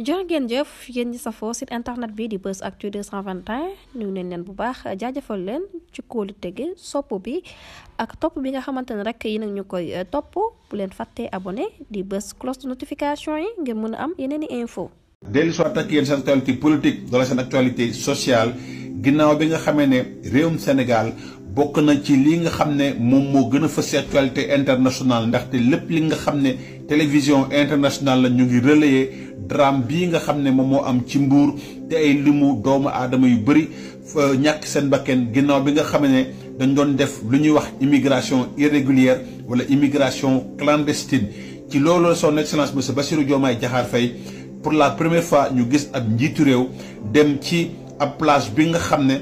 jërë ngeen jëf yéen ñi sa site internet bi di Buzz Actu 221 ñu neen bu baax jaajafal leen ci kóolu tege sopp bi ak topp bi nga xamante ne rek yi nag ñu koy eh, topp bu leen fàttee abone di bës cloche de notification yi ngir mën a am yeneen i info dellu soit ak yéen seen actualité politique wala seen actualité sociale ginnaaw bi nga xamee ne réewum Sénégal bokk na ci li nga xam ne moom moo gën a fës actualité internationale ndaxte lépp li nga xam ne télévision internationale la ñu ngi relayer drame bii nga xam ne moom moo am ci Mbour te ay limu doomu aadama yu bëri ñàkk seen bakken ginnaaw bi nga xam ne dañu doon def lu ñuy wax immigration irrégulière wala immigration clandestine ci loolu la son excellence ba siru Diomaye jaxaar Faye pour la première fois ñu gis ab njiitu réew dem ci ab plage bi nga xam ne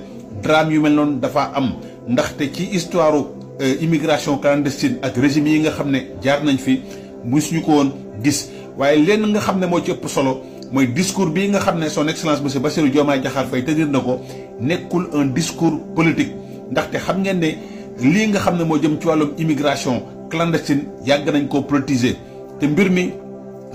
drame yu mel noonu dafa am ndaxte ci histoire euh, immigration clandestine ak régime yi nga xam ne jaar nañ fi musuñu ko woon gis waaye lenn nga xam ne moo ci ëpp solo mooy discours bii nga xam ne son excellence monsieur Bassirou Diomaye Diakhar fay tëgër na ko nekkul un discours politique ndaxte xam ngeen ne lii nga xam ne moo jëm ci wàllum immigration clandestine yàgg nañ koo politiser te mbir mi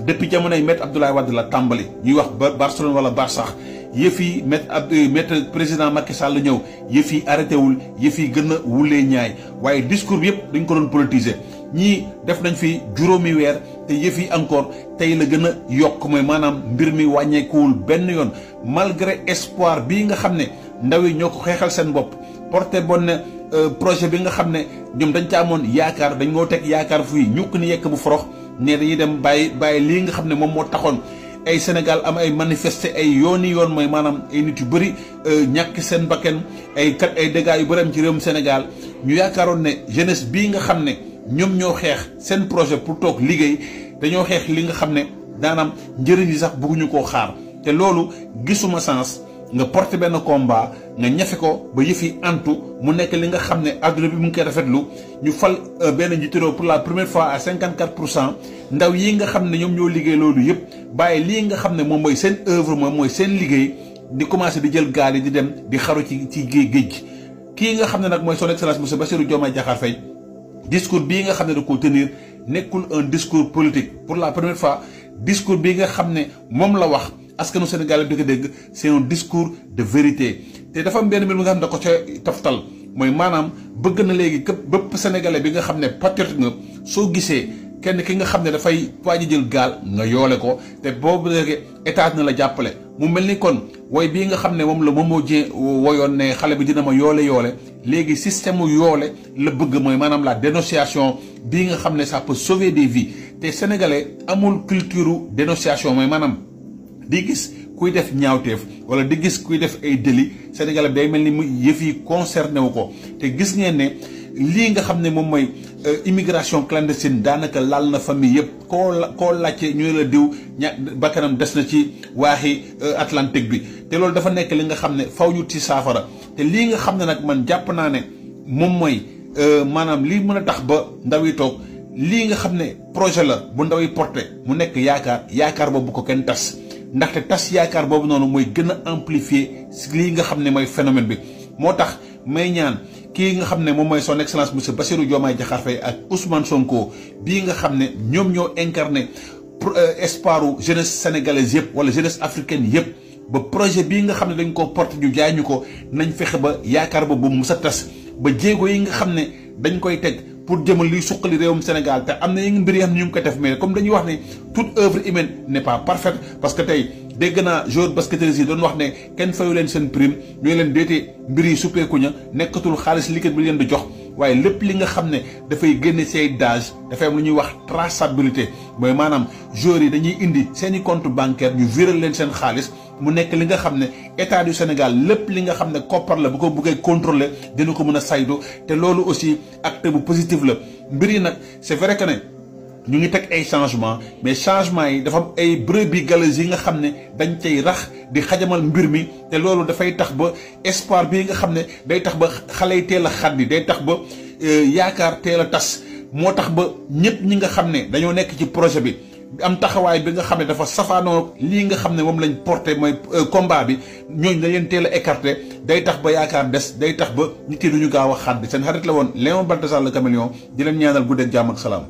depuis jamonoy maître Abdoulaye Wade la tàmbali ñuy wax Barcelone wala Barsax yëf yi maître ab euh, maître président Macky Sall ñëw yëf yi arrêté wul yëf yi gën a wulee ñaay waaye discours bi yëpp dañ ko doon politiser ñii def nañ fi juróomi weer te yëf yi encore tey la gën a yokk mooy maanaam mbir mi wàññeekuwul benn yoon malgré espoir bii nga xam ne ndaw yi ñoo ko xeexal seen bopp porté bonne euh, projet bi nga xam ne ñoom dañ ca amoon yaakaar dañ koo teg yaakaar fii ñukk ni yekk bu forox ne dañuy dem bàyyi bàyyi lii nga xam ne moom moo taxoon ay Sénégal am ay manifester ay yooni yoon mooy maanaam ay nit yu bëri euh, ñàkk seen bakken ay kat ay dégâts yu bëri am ci réewum Sénégal ñu yaakaaroon ne jeunesse bii nga xam ne ñoom ñoo xeex seen projet pour toog liggéey dañoo xeex li nga xam ne daanaam njëriñ li sax bëgguñu koo xaar te loolu gisuma sens nga porte benn combat nga ñafe ko ba yëf yi antu mu nekk li nga xam ne adduna bi mu ngi koy rafetlu ñu fal euh, benn njiitu pour la première fois à 54 pour cent ndaw yi nga xam ne ñoom ñoo liggéey loolu yëpp bàyyi lii nga xam ne moom mooy seen œuvre moom mooy seen liggéey di commencé di jël gaal yi di dem bi xaru ci ci géej gi kii nga xam ne nag mooy so excellence monsieur Bassirou Diomaye Diakhar discours bii nga xam ne da ko tenir nekkul un discours politique pour la première fois discours bii nga xam ne moom la wax askanu Sénégal bi di ko dégg c'est un discours de vérité te dafa am benn mi nga xam ne ko ca taftal mooy maanaam bëgg na léegi képp bépp sénégalais bi nga xam ne patriote nga soo gisee kenn ki nga xam ne dafay waaj jël gaal nga yoole ko te boobu léegi état na la jàppale. mu mel ni kon woy bii nga xam ne moom la moo jee woyoon ne xale bi dina ma yoole yoole léegi système mu yoole la bëgg mooy maanaam la dénonciation bii nga xam ne ça peut sauver des vies te sénégalais amul culture dénonciation mooy maanaam di gis kuy def ñaawteef wala di gis kuy def ay délit sénégalais day mel ni mu yëf yi concerné wu ko te gis ngeen ne. lii nga xam ne moom mooy euh, immigration clandestine daanaka laal na famille yëpp koo la koo laajte ñu la diw ña bakkanam des na ci waaxi euh, Atlantique bi te loolu dafa nekk li nga xam ne faw ñu ci saafara te lii nga xam ne nag man jàpp naa ne moom mooy euh, maanaam lii mën a tax ba ndaw toog lii nga xam ne projet la bu ndaw yi porté mu nekk yaakaar yaakaar boobu ko kenn tas ndaxte tas yaakaar boobu noonu mooy gën a amplifier lii nga xam ne mooy phénomène bi moo tax may ñaan kii nga xam ne moom mooy son excellence monsieur Bassirou Diomaye Diakhar Faye ak Ousmane Sonko bii nga xam ne ñoom ñoo incarné euh, espoir u jeunesse sénégalaise yëpp wala jeunesse africaine yëpp ba projet bii nga xam ne dañ ko porte ñu jaay ñu ko nañ fexe ba yaakaar ba bu mu sa tas ba jéego yi nga xam ne dañ koy teg pour jëmal liy suqali réewum Sénégal te am na yeneen mbir yoo xam ne ñu ngi koy def mais comme dañuy wax ne toute œuvre humaine n'est pas parfaite parce que tey dégg naa joueur basketteurs yi doon wax ne kenn fayu leen seen prime ñooy leen déete mbir yi suppeeku ña nekkatul xaalis liquide bi leen di jox waaye lépp li nga xam ne dafay génne say dage dafay am lu ñuy wax traçabilité mooy maanaam joueurs yi dañuy indi seen i compte bancaire ñu viral leen seen xaalis mu nekk li nga xam ne état du Sénégal lépp li nga xam ne koppar la bu ko buggee contrôler dina ko mën a saytu te loolu aussi acte bu positif la mbir yi nag c'est vrai que ne ñu ngi teg ay changement mais changement yi dafa ay ay bi galeuses yi nga xam ne dañ cay rax di xajamal mbir mi te loolu dafay tax ba espoir bi nga xam ne day tax ba xale yi teel a xàddi day tax ba euh, yaakaar teel a tas moo tax ba ñëpp ñi nga xam ne dañoo nekk ci projet bi am taxawaay bi nga xam ne dafa safaanoo lii nga xam ne moom lañ porté mooy euh, combat bi ñooñu dañ leen teel a day tax ba yaakaar des day tax ba nit yi duñu gaaw a xàddi seen xarit la woon Léon Baltasar le Caméléon di ñaanal guddeeg jàmm ak salaam.